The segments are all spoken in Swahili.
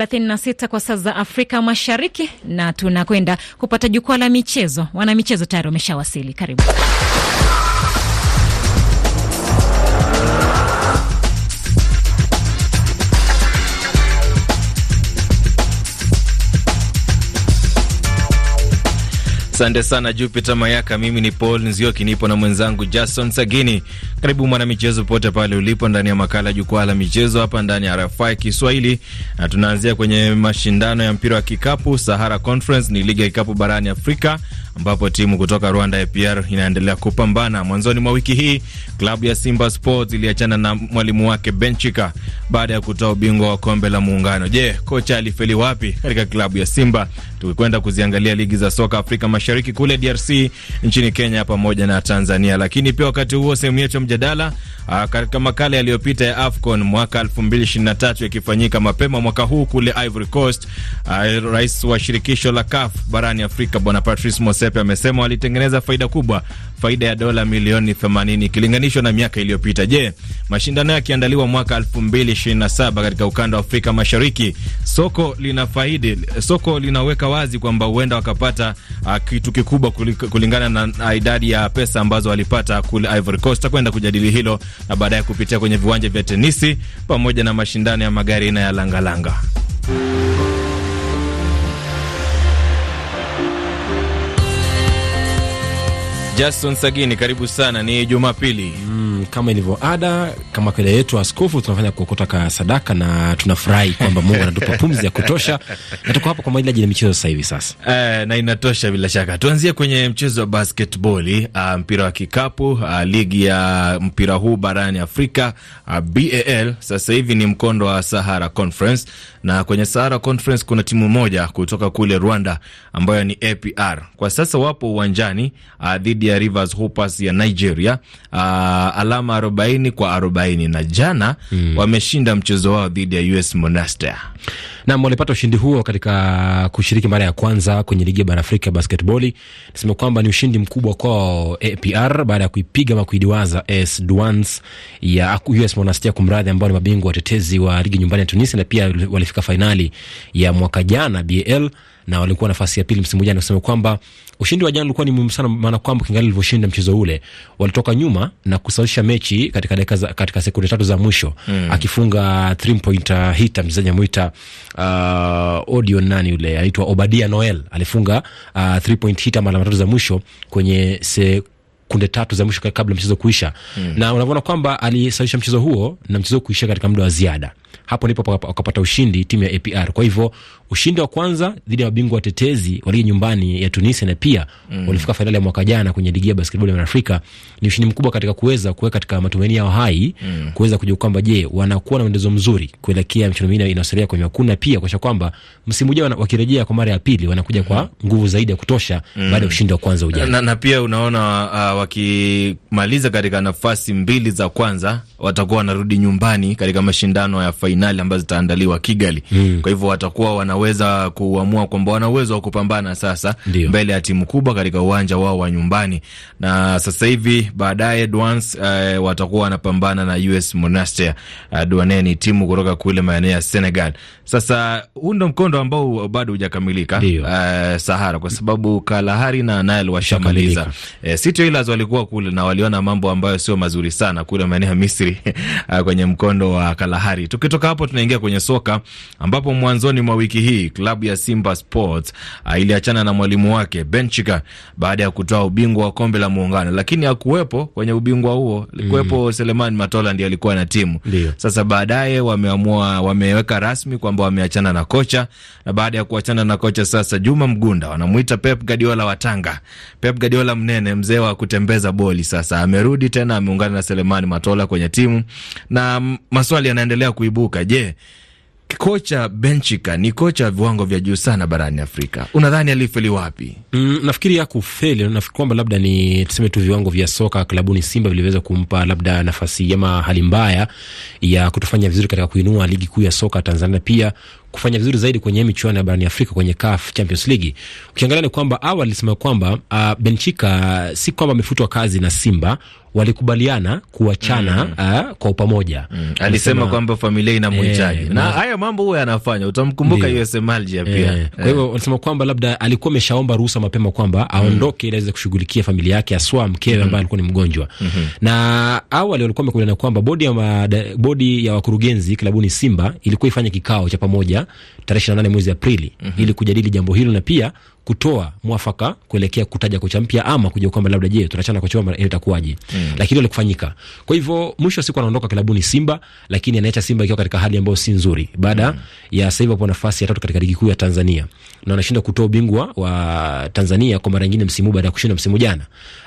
36 kwa saa za Afrika Mashariki, na tunakwenda kupata jukwaa la michezo. Wanamichezo tayari wameshawasili, karibu. Asante sana Jupiter Mayaka. Mimi ni Paul Nzioki, nipo na mwenzangu Jason Sagini. Karibu mwanamichezo pote pale ulipo ndani ya makala Jukwaa la Michezo hapa ndani ya RFI Kiswahili, na tunaanzia kwenye mashindano ya mpira wa kikapu Sahara Conference. Ni liga ya kikapu barani Afrika ambapo timu kutoka Rwanda APR inaendelea kupambana. Mwanzoni mwa wiki hii klabu ya Simba Sports iliachana na mwalimu wake Benchika baada ya kutoa ubingwa wa kombe la Muungano. Je, kocha alifeli wapi katika klabu ya Simba? Tukikwenda kuziangalia ligi za soka Afrika Mashariki kule DRC, nchini Kenya pamoja na Tanzania. Lakini pia wakati huo sehemu yetu ya mjadala ah, katika makala yaliyopita ya AFCON mwaka 2023 yakifanyika mapema mwaka huu kule Ivory Coast, ah, rais wa shirikisho la CAF barani Afrika Bwana Patrice Mose Giuseppe amesema walitengeneza faida kubwa, faida ya dola milioni 80 ikilinganishwa na miaka iliyopita. Je, mashindano yakiandaliwa mwaka 2027 katika ukanda wa Afrika Mashariki, soko linafaidi, soko linaweka wazi kwamba huenda wakapata uh, kitu kikubwa kulingana na idadi ya pesa ambazo walipata kule Ivory Coast. Takwenda kujadili hilo na baadaye kupitia kwenye viwanja vya tenisi pamoja na mashindano ya magari aina ya langalanga langa. Jason Sagini, karibu sana, ni Jumapili. Mm kama ilivyo ada, kama kaida yetu askofu, tunafanya kuokota ka sadaka na tunafurahi kwamba Mungu anatupa pumzi ya kutosha, na tuko hapa kwa ajili ya michezo sasa hivi. Sasa eh, na inatosha bila shaka. Tuanzie kwenye mchezo wa basketball, uh, mpira wa kikapu, uh, ligi ya mpira huu barani Afrika, uh, ah, BAL sasa hivi ni mkondo wa Sahara Conference, na kwenye Sahara Conference kuna timu moja kutoka kule Rwanda ambayo ni APR. Kwa sasa wapo uwanjani uh, dhidi ya Rivers Hoopers ya Nigeria, uh, alama alama 40 kwa 40 na jana mm. wameshinda mchezo wao dhidi ya US Monastir. Nam walipata ushindi huo katika kushiriki mara ya kwanza kwenye ligi ya bara Afrika ya basketboli. Nasema kwamba ni ushindi mkubwa kwao APR baada ya kuipiga ama kuidiwaza AS Douanes ya US Monastir, kumradhi, ambao ni mabingwa watetezi wa ligi nyumbani ya Tunisia na pia walifika fainali ya mwaka jana BAL na walikuwa nafasi ya pili msimu jana, kusema kwamba ushindi wa jana ulikuwa ni muhimu sana, maana kwamba kingali ilivyoshinda mchezo ule, walitoka nyuma na kusawisha mechi katika dakika za, katika sekunde tatu za mwisho mm. akifunga three point uh, hita mchezaji amuita uh, Odion nani yule anaitwa Obadia Noel alifunga uh, three point hita mara tatu za mwisho kwenye se, kunde tatu za mwisho kabla mchezo kuisha mm. na unavyoona kwamba alisawisha mchezo huo na mchezo kuisha katika muda wa ziada. Hapo ndipo wakapata ushindi timu ya APR. Kwa hivyo ushindi wa kwanza dhidi ya mabingwa watetezi wa ligi nyumbani ya Tunisia na pia mm. walifika fainali ya mwaka jana kwenye ligi ya basketball ya Afrika. Ni ushindi mkubwa katika kuweza kuweka katika matumaini yao hai mm. kuweza kujua kwamba je, wanakuwa na mwendezo mzuri kuelekea michuano mingine inayosalia kwenye makuna, pia kuakisha kwamba msimu ujao wakirejea kwa mara ya pili wanakuja kwa mm-hmm. nguvu zaidi ya kutosha mm. baada ya ushindi wa kwanza ujao na, na pia unaona uh, wakimaliza katika nafasi mbili za kwanza watakuwa wanarudi nyumbani katika mashindano ya fainali ambazo zitaandaliwa Kigali mm. kwa hivyo watakuwa wana wanaweza kuamua kwamba wana uwezo wa kupambana sasa Ndiyo. mbele ya timu kubwa katika uwanja wao wa nyumbani, na sasa hivi baadaye Duans uh, eh, watakuwa wanapambana na US Monastir. Uh, eh, Duane ni timu kutoka kule maeneo ya Senegal. Sasa huu ndo mkondo ambao bado hujakamilika uh, Sahara, kwa sababu Kalahari na Nile washamaliza. Eh, City Oilers walikuwa kule na waliona mambo ambayo sio mazuri sana kule maeneo ya Misri kwenye mkondo wa Kalahari. Tukitoka hapo tunaingia kwenye soka ambapo mwanzoni mwa wiki hii klabu ya Simba Sports ah, iliachana na mwalimu wake Benchika baada ya kutoa ubingwa wa kombe la Muungano, lakini hakuwepo kwenye ubingwa huo, alikuwepo mm. Mm-hmm. Seleman Matola ndiye alikuwa na timu Lio. Sasa baadaye wameamua, wameweka rasmi kwamba wameachana na kocha, na baada ya kuachana na kocha sasa Juma Mgunda wanamuita Pep Guardiola wa Tanga, Pep Guardiola mnene, mzee wa kutembeza boli. Sasa amerudi tena, ameungana na Seleman Matola kwenye timu na maswali yanaendelea kuibuka. Je, kocha Benchika ni kocha wa viwango vya juu sana barani Afrika. Unadhani alifeli wapi? Mm, nafikiri hakufeli. Nafikiri kwamba labda ni tuseme tu viwango vya soka klabuni Simba viliweza kumpa labda nafasi ama hali mbaya ya kutofanya vizuri katika kuinua ligi kuu ya soka Tanzania pia kufanya vizuri zaidi kwenye michuano ya barani Afrika kwenye CAF Champions League. Ukiangalia ni kwamba awali alisema kwamba uh, ah, Benchika si kwamba amefutwa kazi na Simba walikubaliana kuachana mm. uh, kwa upamoja mm. Alisema kwamba familia inamhitaji e, na haya mambo huwa yanafanya, utamkumbuka USM Alger pia e. Kwa hivyo eh. alisema kwamba labda alikuwa ameshaomba ruhusa mapema kwamba mm. aondoke mm. ili aweze kushughulikia familia yake aswa mkewe mm-hmm. ambaye mm. alikuwa ni mgonjwa mm -hmm. na awali walikuwa wamekubaliana kwamba bodi ya, bodi ya wakurugenzi klabuni Simba ilikuwa ifanye kikao cha pamoja moja tarehe 28 mwezi Aprili mm -hmm. ili kujadili jambo hilo na pia kutoa mwafaka kuelekea kutaja kocha mpya ama kujua kwamba labda, je, tunachana kocha wao itakuwaje? mm. Lakini ile kufanyika. Kwa hivyo mwisho siku anaondoka kilabuni Simba, lakini anaacha Simba ikiwa katika hali ambayo si nzuri baada mm. ya sasa hivi hapo nafasi ya tatu katika ligi kuu ya Tanzania na wanashinda kutoa ubingwa wa Tanzania kwa mara nyingine msimu baada ya kushinda msimu jana.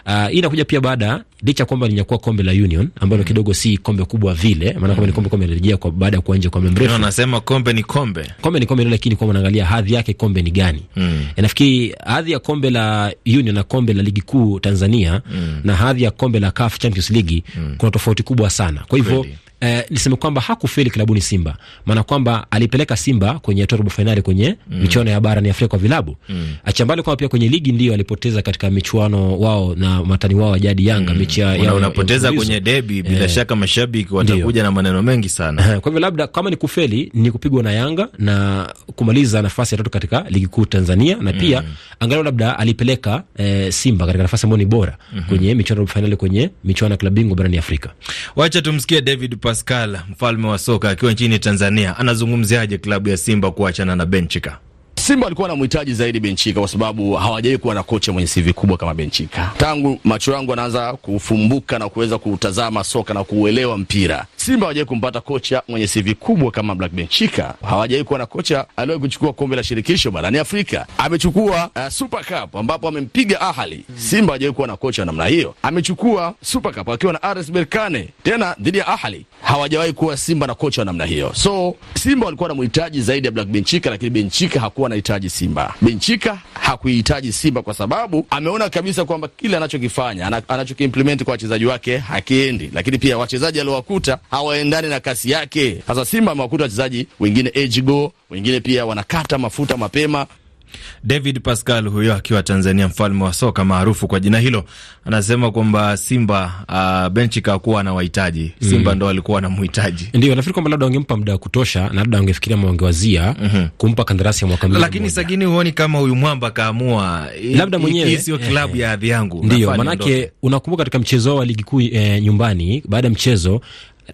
Uh, hii inakuja pia baada licha kwamba linyakuwa kombe la Union ambalo kidogo si kombe kubwa vile, maana kombe ni kombe kombe lirejea kwa baada ya kuanja kwa mrefu. Wanasema kombe ni kombe. Kombe ni kombe lakini kwa wanaangalia hadhi yake kombe ni gani. Mm. Nafikiri hadhi ya kombe la Union na kombe la ligi kuu Tanzania mm. na hadhi ya kombe la CAF Champions League mm. kuna tofauti kubwa sana. Kwa hivyo eh, niseme kwamba hakufeli klabuni Simba, maana kwamba alipeleka Simba kwenye hatua robo fainali kwenye mm. michuano ya bara ni Afrika kwa vilabu mm. achambali kwamba pia kwenye ligi ndio alipoteza katika michuano wao na matani wao wa Yanga mm. mechi ya unapoteza kwenye debi bila eh, shaka mashabiki watakuja na maneno mengi sana. Eh, kwa hivyo labda kama ni kufeli ni kupigwa na Yanga na kumaliza nafasi ya tatu katika ligi kuu Tanzania na pia mm. angalau labda alipeleka eh, Simba katika nafasi ambayo ni bora mm -hmm. kwenye michuano ya robo fainali kwenye michuano ya klabu bingwa barani Afrika. Wacha tumsikie David pa Pascal, mfalme wa soka akiwa nchini Tanzania, anazungumziaje klabu ya Simba kuachana na Benchika? Simba walikuwa wanamhitaji zaidi Benchika kwa sababu hawajawahi kuwa na kocha mwenye CV kubwa kama Benchika. Tangu macho yangu anaanza kufumbuka na kuweza kutazama soka na kuuelewa mpira, Simba hawajawai kumpata kocha mwenye CV kubwa kama Black Benchika, Hawajawai kuwa na kocha aliyewahi kuchukua kombe la shirikisho barani Afrika. Amechukua uh, Super Cup ambapo amempiga Ahli. Simba hawajawai kuwa na kocha namna hiyo. Amechukua Super Cup akiwa na RS Berkane tena dhidi ya Ahali. Hawajawai kuwa Simba na kocha namna hiyo, so Simba walikuwa na mhitaji zaidi ya Black Benchika, lakini Benchika hakuwa anahitaji Simba. Benchika hakuihitaji Simba kwa sababu ameona kabisa kwamba kile anachokifanya anachokiimplement kwa wachezaji wake hakiendi, lakini pia wachezaji aliowakuta hawaendani na kasi yake. Sasa Simba amewakuta wachezaji wengine ejigo, wengine pia wanakata mafuta mapema. David Pascal huyo akiwa Tanzania, mfalme wa soka maarufu kwa jina hilo, anasema kwamba Simba uh, benchi kakuwa na wahitaji mhm. Simba mm. ndo alikuwa na mhitaji, Ndio nafikiri kwamba labda wangempa muda wa kutosha, na labda wangefikiria ama wangewazia mm -hmm. kumpa kandarasi ya mwaka mbili, lakini sagini, huoni kama huyu mwamba kaamua labda mwenyewe, sio klabu ya adhi yangu? Ndio maanake unakumbuka katika mchezo wa ligi kuu e, nyumbani, baada ya mchezo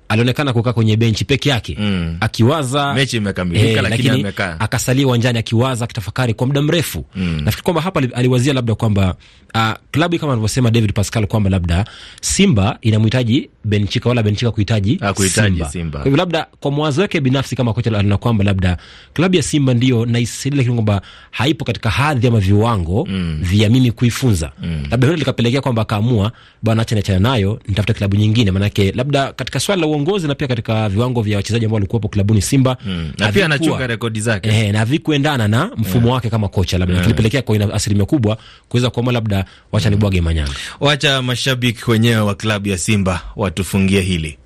alionekana kukaa kwenye benchi peke yake mm. akiwaza mechi imekamilika, eh, lakini, lakini akasalia uwanjani akiwaza, akitafakari kwa muda mrefu mm. nafikiri kwamba hapa aliwazia labda kwamba uh, klabu kama anavyosema David Pascal kwamba labda Simba inamhitaji Benchika wala Benchika kuhitaji Simba. Simba. Kwa hivyo labda kwa mwazo wake binafsi kama kocha aliona kwamba labda klabu ya Simba ndio naisaidia, lakini kwamba haipo katika hadhi ama viwango mm. vya mimi kuifunza mm. labda hilo likapelekea kwamba akaamua bwana, acha niachana nayo, nitafuta klabu nyingine, maanake labda katika swala la uongozi na pia katika viwango vya wachezaji ambao walikuwepo klabuni Simba mm. na pia anachunga rekodi zake eh, na vikuendana na mfumo yeah. wake kama kocha labda yeah. kilipelekea kwa asilimia kubwa kuweza kuamua labda wacha mm. nibwage manyanga. Wacha mashabiki wenyewe wa klabu ya Simba watufungie hili.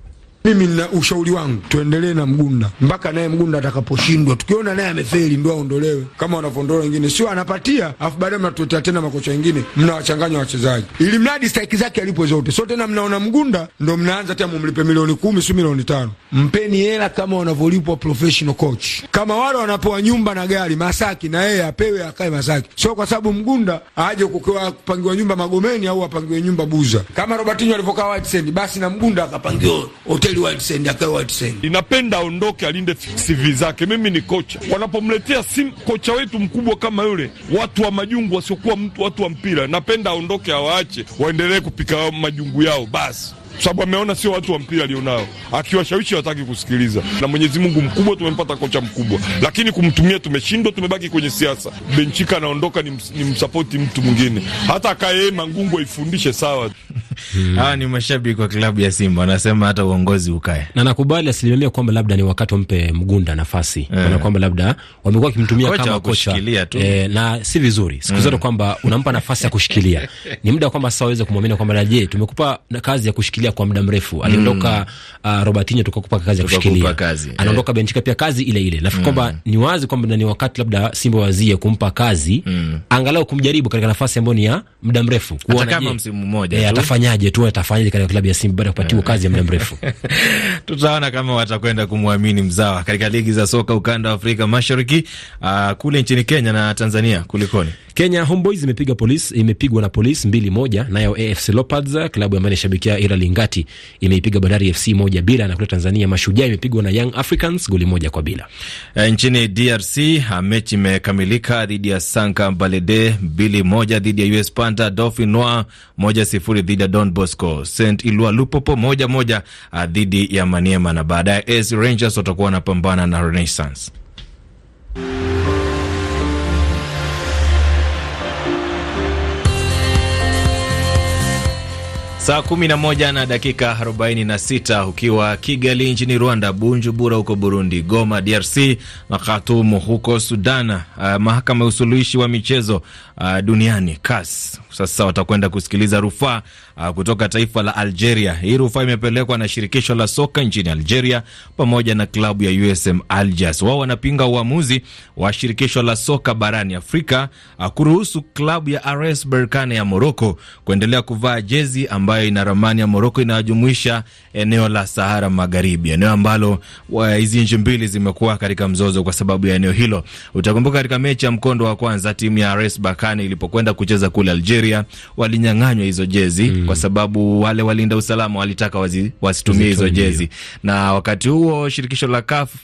Mimi nina ushauri wangu tuendelee na Mgunda mpaka naye Mgunda atakaposhindwa. Tukiona naye amefeli, ndo aondolewe kama wanavyoondolewa wengine, sio anapatia afu baadaye mnatuletea tena makocha wengine, mnawachanganya wachezaji, ili mradi strike zake alipo zote. So tena mnaona Mgunda ndo mnaanza tena mumlipe milioni kumi, si milioni tano. Mpeni hela kama wanavyolipwa professional coach, kama wale wanapewa nyumba na gari Masaki, na yeye apewe akae Masaki, sio kwa sababu Mgunda aje kukiwa kupangiwa nyumba Magomeni au apangiwe nyumba Buza kama Robertinho alivyokaa Whitesand, basi na Mgunda akapangiwa hotel Ambeli Whitesend akae Whitesend. Inapenda aondoke alinde CV zake. Mimi ni kocha, wanapomletea simu kocha wetu mkubwa kama yule, watu wa majungu wasiokuwa mtu watu wa mpira, napenda aondoke, awaache waendelee kupika majungu yao basi sababu ameona sio watu wa mpira alionao, akiwashawishi hataki kusikiliza. Na Mwenyezi Mungu mkubwa, tumempata kocha mkubwa, lakini kumtumia tumeshindwa, tumebaki kwenye siasa. Benchika anaondoka, ni msapoti mtu mwingine, hata akae Mangungu aifundishe sawa. Mm. hawa ni mashabiki wa klabu ya Simba, wanasema hata uongozi ukae, na nakubali asilimia mia kwamba labda ni wakati wampe Mgunda nafasi yeah. na kwamba labda wamekuwa wakimtumia kama kocha e, na si vizuri siku zote mm. kwamba unampa nafasi ya kushikilia, ni muda kwamba sasa waweze kumwamini kwamba je, tumekupa kazi ya kushikilia kwa muda mrefu. Aliondoka mm. uh, Robertinho tukakupa kazi ya kushikilia, eh. anaondoka eh. Benchika pia kazi ile ile. Nafikiri mm. kwamba mm. ni wazi kwamba ni wakati labda Simba wazie kumpa kazi mm. angalau kumjaribu katika nafasi ambayo ni ya muda mrefu kuona kama msimu mmoja eh, atafanya afanyaje tu atafanyaje katika klabu ya Simba baada ya kupatiwa kazi ya muda mrefu. Tutaona kama watakwenda kumwamini mzawa katika ligi za soka ukanda wa Afrika Mashariki, uh, kule nchini Kenya na Tanzania kulikoni. Kenya Homeboys imepiga polisi, imepigwa na polisi mbili moja. Nayo AFC Leopards klabu ambayo inashabikia Ira Lingati imeipiga Bandari FC moja bila, na kule Tanzania Mashujaa imepigwa na Young Africans goli moja kwa bila. E, nchini DRC ah, mechi imekamilika dhidi ya Sanka Balede mbili moja, dhidi ya US Panda Dauphin Noir moja sifuri, dhidi ya Don Bosco Saint Ilua Lupopo moja moja ah, dhidi ya Maniema, na baadaye AS Rangers watakuwa wanapambana na Renaissance. Saa kumi na dakika 46 ukiwa Kigali nchini Rwanda, Bujumbura huko Burundi, Goma DRC na Khartoum huko Sudan. Uh, mahakama ya usuluhishi wa michezo uh, duniani CAS sasa watakwenda kusikiliza rufaa Ah, kutoka taifa la Algeria. Hii rufaa imepelekwa na shirikisho la soka nchini Algeria pamoja na klabu ya USM Algiers. Wao wanapinga uamuzi wa shirikisho la soka barani Afrika ah, kuruhusu klabu ya RS Berkane ya Moroko kuendelea kuvaa jezi ambayo ina ramani ya Moroko inayojumuisha eneo la Sahara Magharibi, eneo ambalo hizi nchi mbili zimekuwa katika mzozo kwa sababu ya eneo hilo. Utakumbuka katika mechi ya mkondo wa kwanza timu ya RS Berkane ilipokwenda kucheza kule Algeria walinyang'anywa hizo jezi mm kwa mm. sababu wale walinda usalama walitaka wasitumie hizo jezi, na wakati huo shirikisho la kafu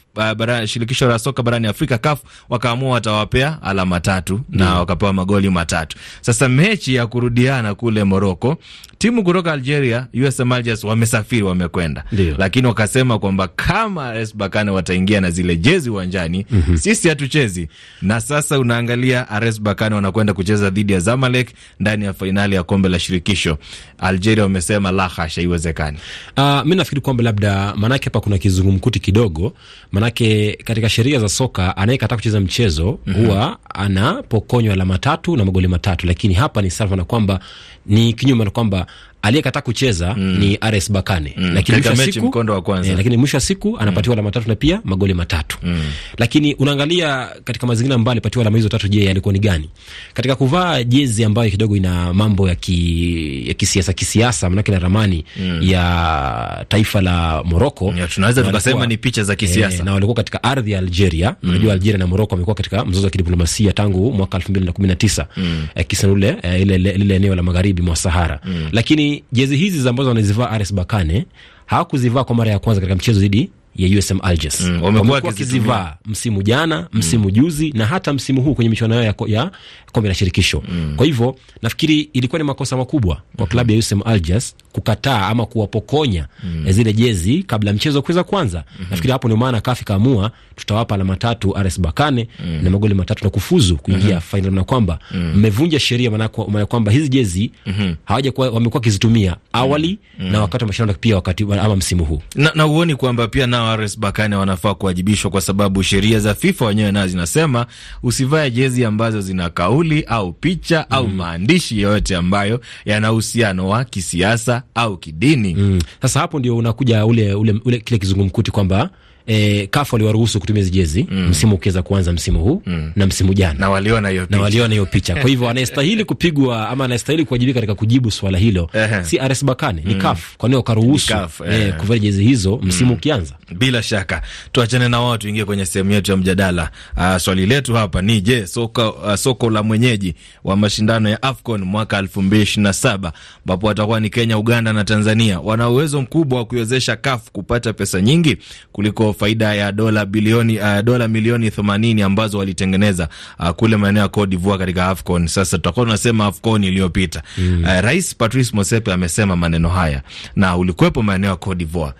shirikisho la soka barani Afrika CAF wakaamua watawapea alama tatu mm. na wakapewa magoli matatu. Sasa mechi ya kurudiana kule Morocco, timu kutoka Algeria USM Alger wamesafiri wamekwenda, lakini wakasema kwamba kama RS Berkane wataingia na zile jezi uwanjani mm -hmm. sisi hatuchezi. Na sasa unaangalia RS Berkane wanakwenda kucheza dhidi ya Zamalek ndani ya fainali ya kombe la shirikisho. Algeria wamesema la hasha, haiwezekani. Uh, ah, mi nafikiri kwamba labda maanake hapa kuna kizungumkuti kidogo maana Manake katika sheria za soka anayekataa kucheza mchezo mm -hmm. anapokonywa alama tatu na magoli matatu, lakini hapa ni sawa na kwamba ni kinyume na kwamba aliyekataa kucheza mm. ni RS Bakane mm. lakini mwisho siku mkondo wa kwanza eh, lakini mwisho siku anapatiwa alama mm. tatu na pia magoli matatu mm. lakini unaangalia katika mazingira ambayo alipatiwa alama hizo tatu, je, yalikuwa ni gani? Katika kuvaa jezi ambayo kidogo ina mambo ya ki, ya kisiasa kisiasa, manake na ramani mm. ya taifa la Morocco tunaweza tukasema ni picha za kisiasa eh, na walikuwa katika ardhi ya Algeria mm. unajua Algeria na Morocco wamekuwa katika mzozo wa kidiplomasia tangu mwaka 2019 mm. eh, kisa ule eh, ile ile eneo la magharibi mwa Sahara mm. lakini jezi hizi ambazo wanazivaa RS Bakane hawakuzivaa kwa mara ya kwanza katika mchezo dhidi ya USM Alges mm, wamekuwa wakizivaa msimu jana, msimu mm, juzi na hata msimu huu kwenye michuano yao ya, ya kombe la shirikisho mm. Kwa hivyo nafikiri ilikuwa ni makosa makubwa kwa mm-hmm. klabu ya USM Alges kukataa ama kuwapokonya mm, eh, zile jezi kabla mchezo kuweza kuanza mm -hmm. Nafikiri hapo ndio maana kafi kaamua tutawapa alama tatu RS Bakane mm, na magoli matatu na kufuzu kuingia mm -hmm. fainali, na kwamba mm. mmevunja mm, sheria, maana kwamba hizi jezi mm -hmm. hawajakuwa wamekuwa wakizitumia awali mm -hmm. na wakati wa mashindano pia wakati ama msimu huu na, na uoni kwamba pia nao ares Wares Bakane wanafaa kuwajibishwa kwa sababu sheria za FIFA wenyewe nayo zinasema usivae jezi ambazo zina kauli au picha mm. au maandishi yoyote ambayo yana uhusiano wa kisiasa au kidini. Mm. Sasa mm. hapo ndio unakuja ule, ule, ule kile kizungumkuti kwamba e, eh, CAF waliwaruhusu kutumia hizo jezi mm. msimu ukiweza kuanza msimu huu mm. na msimu jana, na waliona hiyo picha, na waliona hiyo picha. Kwa hivyo anayestahili kupigwa ama anayestahili kuwajibika katika kujibu swala hilo si RS Bakane, ni mm. CAF. Kwa nini wakaruhusu eh, e, kuvaa jezi hizo mm. msimu mm. ukianza? Bila shaka tuachane na wao, tuingie kwenye sehemu yetu ya mjadala. Uh, swali letu hapa ni je, soko uh, ah, soko la mwenyeji wa mashindano ya AFCON mwaka 2027 ambapo watakuwa ni Kenya, Uganda na Tanzania wana uwezo mkubwa wa kuiwezesha CAF kupata pesa nyingi kuliko faida ya dola bilioni uh, dola milioni 80 ambazo walitengeneza uh, kule maeneo ya Cote d'Ivoire katika AFCON. Sasa tutakuwa tunasema AFCON iliyopita mm. Uh, Rais Patrice Motsepe amesema maneno haya na ulikuwepo maeneo ya Cote d'Ivoire.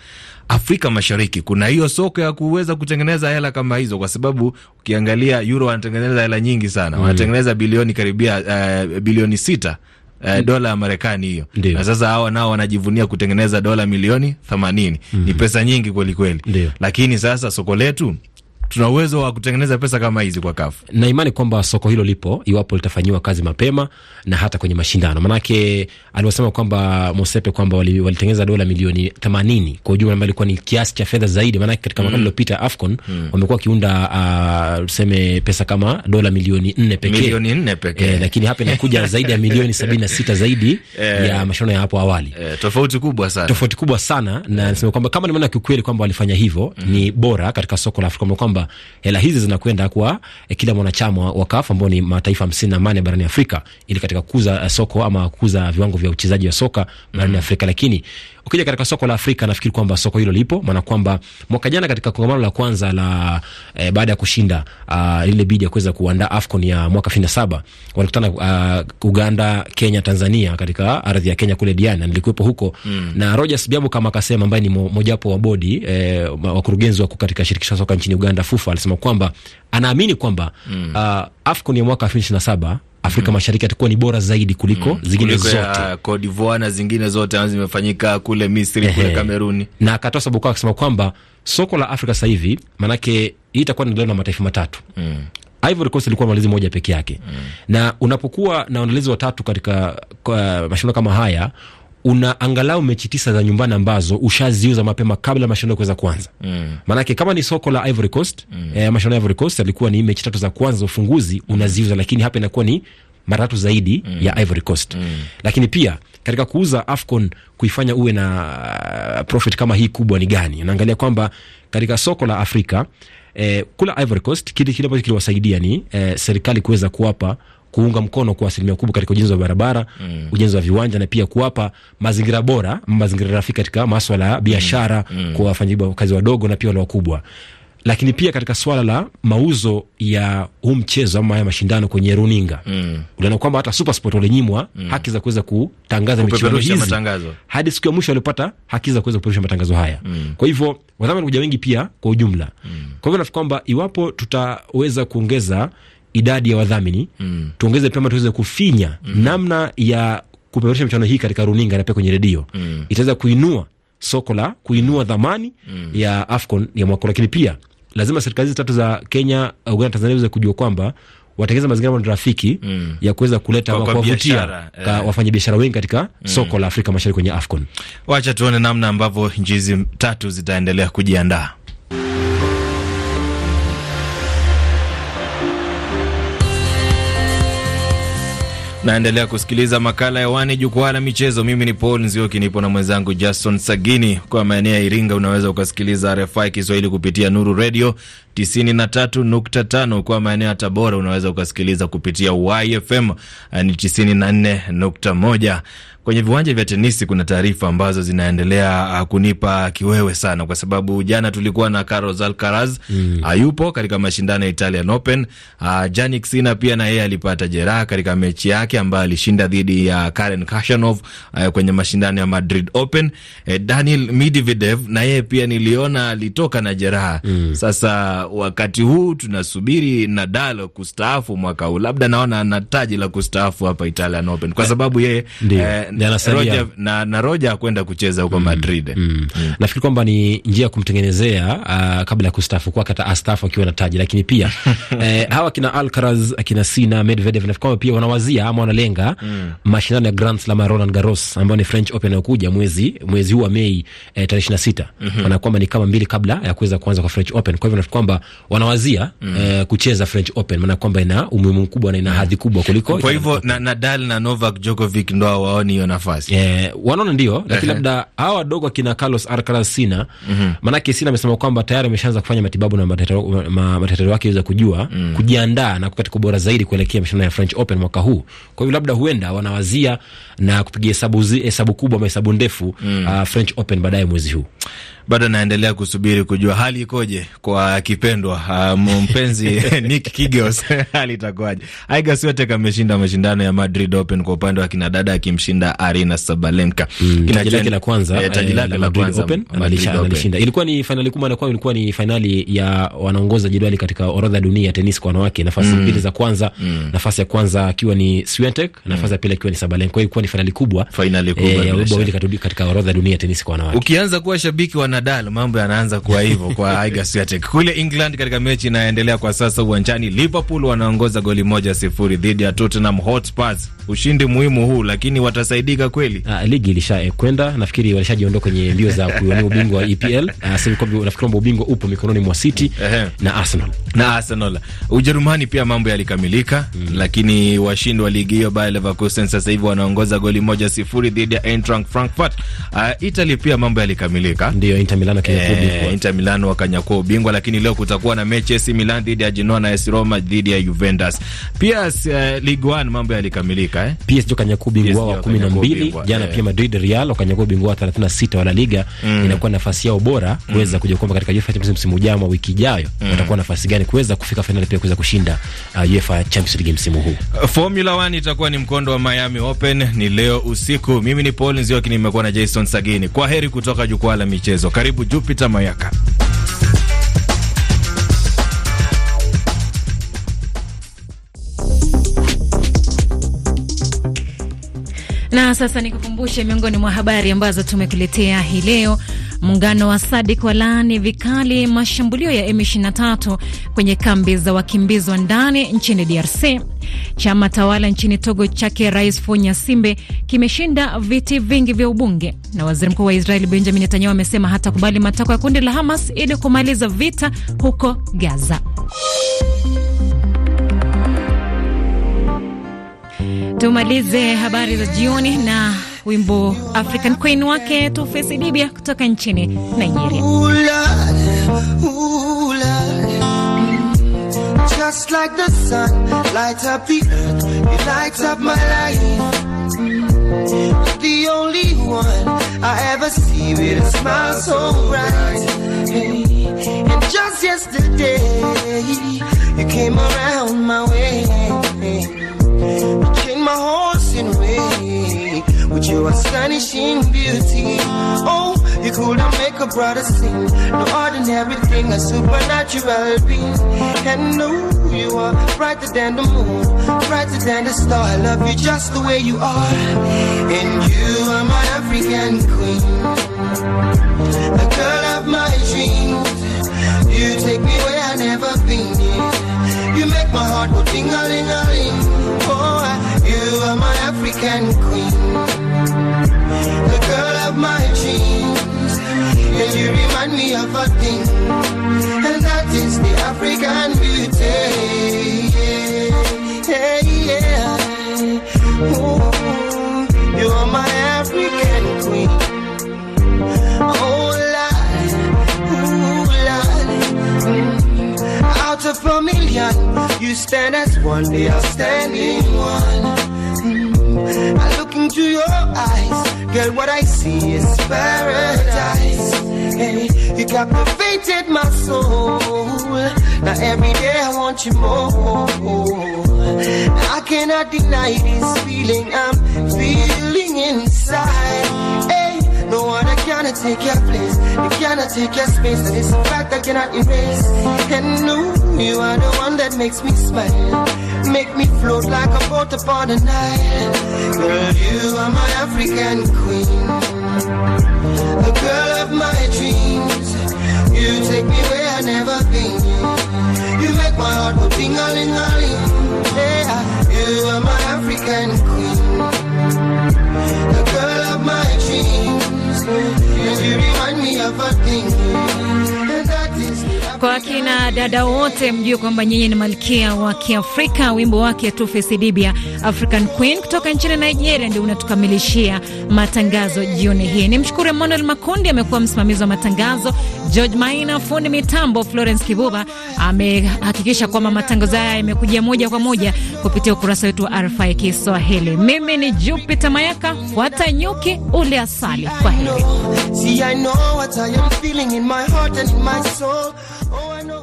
Afrika Mashariki kuna hiyo soko ya kuweza kutengeneza hela kama hizo, kwa sababu ukiangalia Euro wanatengeneza hela nyingi sana mm. wanatengeneza bilioni karibia uh, bilioni sita Uh, dola ya Marekani hiyo. Na sasa hawa nao wanajivunia kutengeneza dola milioni 80. Mm -hmm. Ni pesa nyingi kweli kweli. Lakini sasa soko letu tuna uwezo wa kutengeneza pesa kama hizi kwa kafu, na imani kwamba soko hilo lipo iwapo litafanyiwa kazi mapema na hata kwenye mashindano. Manake aliwasema kwamba Mosepe kwamba walitengeneza wali dola milioni themanini kwa ujumla, ambayo ilikuwa ni kiasi cha fedha zaidi, manake katika mm. makala iliyopita AFCON mm. wamekuwa wakiunda ah, tuseme uh, pesa kama dola milioni nne pekee peke. Eh, lakini hapa inakuja zaidi ya milioni sabini na sita zaidi eh, ya mashindano ya hapo awali eh, tofauti kubwa sana, tofauti kubwa sana na nasema kwamba kama ni maana ya kiukweli kwamba walifanya hivyo mm. ni bora katika soko la Afrika kwamba kwamba hela hizi zinakwenda kwa eh, kila mwanachama wa CAF ambao ni mataifa hamsini na nane barani Afrika ili katika kuza uh, eh, soko ama kuza viwango vya uchezaji wa soka barani mm. Afrika. Lakini ukija katika soko la Afrika, nafikiri kwamba soko hilo lipo, maana kwamba mwaka jana katika kongamano la kwanza la eh, baada ya kushinda uh, ah, ile bidi ya kuweza kuandaa AFCON ya mwaka elfu mbili na saba walikutana uh, Uganda, Kenya, Tanzania katika ardhi ya Kenya kule Diani, nilikuwepo huko mm. na Rogers Biabu kama akasema, ambaye ni mojawapo wa bodi eh, wakurugenzi wakuu katika shirikisho soka nchini Uganda Fufa alisema kwamba anaamini kwamba mm. uh, AFCON ya mwaka elfu mbili ishirini na saba Afrika mm. Mashariki atakuwa ni bora zaidi kuliko mm. zingine kuliko zote Cote d'Ivoire na zingine zote zimefanyika kule Misri, kule Kameruni, na akatoa sababu kwa akisema kwamba soko la Afrika sasa hivi maanake hii itakuwa ni ndio na mataifa matatu mm. Ivory Coast ilikuwa maandalizi moja peke yake mm. na unapokuwa na waandalizi watatu katika mashindano kama haya, una angalau mechi tisa za nyumbani ambazo ushaziuza mapema kabla mashindano kuweza kuanza. Maanake Mm. kama ni soko la Ivory Coast, mm. eh, mashindano ya Ivory Coast yalikuwa ni mechi tatu za kwanza za ufunguzi unaziuza, lakini hapa inakuwa ni mara tatu zaidi mm. ya Ivory Coast. Mm. Lakini pia katika kuuza AFCON kuifanya uwe na uh, profit kama hii kubwa ni gani? Unaangalia kwamba katika soko la Afrika eh, kula Ivory Coast kile kile ambacho kiliwasaidia ni eh, serikali kuweza kuwapa kuunga mkono kwa asilimia kubwa katika ujenzi wa barabara mm. ujenzi wa viwanja na pia kuwapa mazingira bora, mazingira rafiki katika maswala ya biashara mm. mm. kwa wafanyakazi wadogo na pia wale wakubwa lakini pia katika swala la mauzo ya huu mchezo ama haya mashindano kwenye runinga mm. uliona kwamba hata Supersport walinyimwa mm. haki za kuweza kutangaza michuano hizi hadi siku ya mwisho walipata haki za kuweza kupeperusha matangazo haya mm. kwa hivyo wadhamini kuja wengi pia kwa ujumla mm. kwa hivyo nafikiri kwamba iwapo tutaweza kuongeza idadi ya wadhamini mm. tuongeze pema tuweze kufinya mm. namna ya kupeperusha michuano hii katika runinga na pia kwenye redio mm. itaweza kuinua soko la kuinua dhamani mm. ya AFCON ya mwaka, lakini pia lazima serikali hizi tatu za Kenya, uh, Uganda, Tanzania ziweze kujua kwamba watengeza mazingira mao rafiki mm. ya kuweza kuleta ama kuwavutia eh, wafanya biashara wengi katika mm. soko la Afrika Mashariki kwenye AFCON. Wacha tuone namna ambavyo nchi hizi tatu zitaendelea kujiandaa. Naendelea kusikiliza makala ya wani jukwaa la michezo. Mimi ni Paul Nzioki, nipo na mwenzangu Jason Sagini. Kwa maeneo ya Iringa unaweza ukasikiliza RFI Kiswahili kupitia Nuru Redio 93.5. Kwa maeneo ya Tabora unaweza ukasikiliza kupitia YFM eh, ni 94.1 kwenye viwanja vya tenisi kuna taarifa ambazo zinaendelea uh, kunipa kiwewe sana, kwa sababu jana tulikuwa na Carlos Alcaraz mm. ayupo uh, katika mashindano ya Italian Open. Uh, Jannik Sinner pia na yeye alipata jeraha katika mechi yake ambayo alishinda dhidi ya Karen Khachanov uh, kwenye mashindano ya Madrid Open. Eh, uh, Daniel Medvedev na yeye pia niliona alitoka na jeraha mm. Sasa wakati huu tunasubiri Nadal kustaafu mwaka huu, labda naona ana taji la kustaafu hapa Italian Open kwa eh, sababu yeye Roja, na, na Roja hakwenda kucheza huko mm, Madrid mm. Mm. Nafikiri kwamba ni njia ya kumtengenezea uh, kabla ya kustafu kwake, hata astafu akiwa na taji, lakini pia eh, hawa kina Alcaraz akina Sina Medvedev nafikiri kwamba pia wanawazia ama wanalenga mm. mashindano ya Grand Slam ya Roland Garros ambayo ni French Open inayokuja mwezi mwezi huu wa Mei eh, tarehe 26 mm -hmm. Wana kwamba ni kama mbili kabla ya kuweza kuanza kwa French Open, kwa hivyo nafikiri kwamba wanawazia mm. eh, kucheza French Open, maana kwamba ina umuhimu mkubwa na ina mm. hadhi kubwa kuliko kwa hivyo na Nadal na Novak Djokovic ndo waoni hiyo nafasi eh, wanaona ndio, lakini labda hawa wadogo akina Carlos Alcaraz Sina, maanake mhm. Sina amesema kwamba tayari ameshaanza kufanya matibabu na matatizo wake weza kujua mm, kujiandaa na katika ubora zaidi kuelekea mashindano ya French Open mwaka huu. Kwa hivyo labda huenda wanawazia na kupiga hesabu hesabu kubwa, hesabu ndefu mm, uh, French Open baadaye mwezi huu bado naendelea kusubiri kujua hali ikoje kwa kipendwa ah, mpenzi Nick Kyrgios hali itakuwaje? Iga Swiatek ameshinda mashindano ya Madrid Open kwa upande wa kinadada akimshinda Arina Sabalenka mm, eh, eh, Ilikuwa ni fainali kubwa na kwa ilikuwa ni fainali ya wanaongoza jedwali katika orodha dunia ya tenisi kwa wanawake, nafasi mm, mbili za kwanza mm, nafasi ya kwanza akiwa ni Swiatek, mm. nafasi ya pili akiwa ni Sabalenka. Kwa hiyo ilikuwa ni fainali kubwa, fainali kubwa eh, ya wawili katika orodha dunia ya tenisi kwa wanawake. Ukianza kuwa shabiki wa Nadal, mambo yanaanza kuwa hivyo kwa Iga Swiatek. Kule England, katika mechi inayoendelea kwa sasa uwanjani, Liverpool wanaongoza goli moja sifuri dhidi ya Tottenham Hotspur. Ushindi muhimu huu, lakini watasaidika kweli? Ah, ligi ilishakwenda, eh, nafikiri walishajiondoa kwenye mbio za kuwania ubingwa wa EPL. Ah, sasa nafikiri kwamba ubingwa upo mikononi mwa City uh -huh. na Arsenal. Na Arsenal. Ujerumani pia mambo yalikamilika, mm, lakini washindi wa ligi hiyo Bayer Leverkusen sasa hivi wanaongoza goli moja sifuri dhidi ya Eintracht Frankfurt. Ah, Italy pia mambo yalikamilika. Ndio Inter Milan akinyakua eh, Inter Milan wakanyakua ubingwa, lakini leo kutakuwa na mechi AC Milan dhidi ya Genoa na AS Roma dhidi ya Juventus. Pia Ligue 1 mambo yalikamilika eh. PSG kanyakua ubingwa wa 12 jana, eh. pia Madrid Real wakanyakua ubingwa wa 36 wa La Liga. Mm. Inakuwa nafasi yao bora mm. kuweza kuja kwamba katika UEFA Champions msimu ujao au wiki ijayo mm. watakuwa nafasi gani kuweza kufika finali pia kuweza kushinda uh, UEFA Champions League msimu huu. Formula 1 itakuwa ni mkondo wa Miami Open ni leo usiku. Mimi ni Paul Nzioki, nimekuwa na Jason Sagini. Kwa heri kutoka jukwaa la michezo. Karibu Jupiter Mayaka. Na sasa nikukumbushe miongoni mwa habari ambazo tumekuletea hii leo. Muungano wa SADIK walaani vikali mashambulio ya M23 kwenye kambi za wakimbizi wa ndani nchini DRC. Chama tawala nchini Togo chake Rais Fonya Simbe kimeshinda viti vingi vya ubunge, na waziri mkuu wa Israeli Benjamin Netanyahu amesema hatakubali matakwa ya kundi la Hamas ili kumaliza vita huko Gaza. Tumalize habari za jioni na wimbo African Queen wake Tuface Idibia kutoka nchini Nigeria. Just like the sun lights up the earth, it lights up my life. The only one I ever see with a smile so bright. And just yesterday, you came around my way. You changed my horse in way. You astonishing beauty. Oh, you couldn't make a brother sing. No ordinary thing, a supernatural being. And no, you are brighter than the moon, brighter than the star. I love you just the way you are. And you are my African queen, the girl of my dreams. You take me where I've never been. You make my heart go ding a ling a ling. Oh, you are my African queen. The girl of my dreams. And you remind me of a thing. And that is the African beauty. Yeah, yeah. Ooh, you're my African queen. Oh, Lord. oh Lord. Mm. Out of a million, you stand as one, the outstanding one. Mm. I look into your eyes, girl, what I see is paradise. Hey, you captivated my soul. Now every day I want you more. I cannot deny this feeling I'm feeling inside. Hey, no one cannot take your place, You cannot take your space, and it's a fact I cannot erase. And no. You are the one that makes me smile. Make me float like a boat upon the Nile. Girl, you are my African queen. The girl of my dreams. You take me where I've never been. You make my heart go ting a Kwa akina dada wote mjue kwamba nyinyi ni malkia wa Kiafrika. Wimbo wake Tufe Sidibia, African Queen kutoka nchini Nigeria, ndio unatukamilishia matangazo jioni hii. Ni mshukuru Emmanuel Makundi, amekuwa msimamizi wa matangazo, George Maina fundi mitambo, Florence Kibuba amehakikisha kwamba matangazo haya yamekuja moja kwa moja kupitia ukurasa wetu wa RFI Kiswahili. Mimi ni Jupiter Mayaka, fuata nyuki ule asali. Kwa heri. Oh, I know.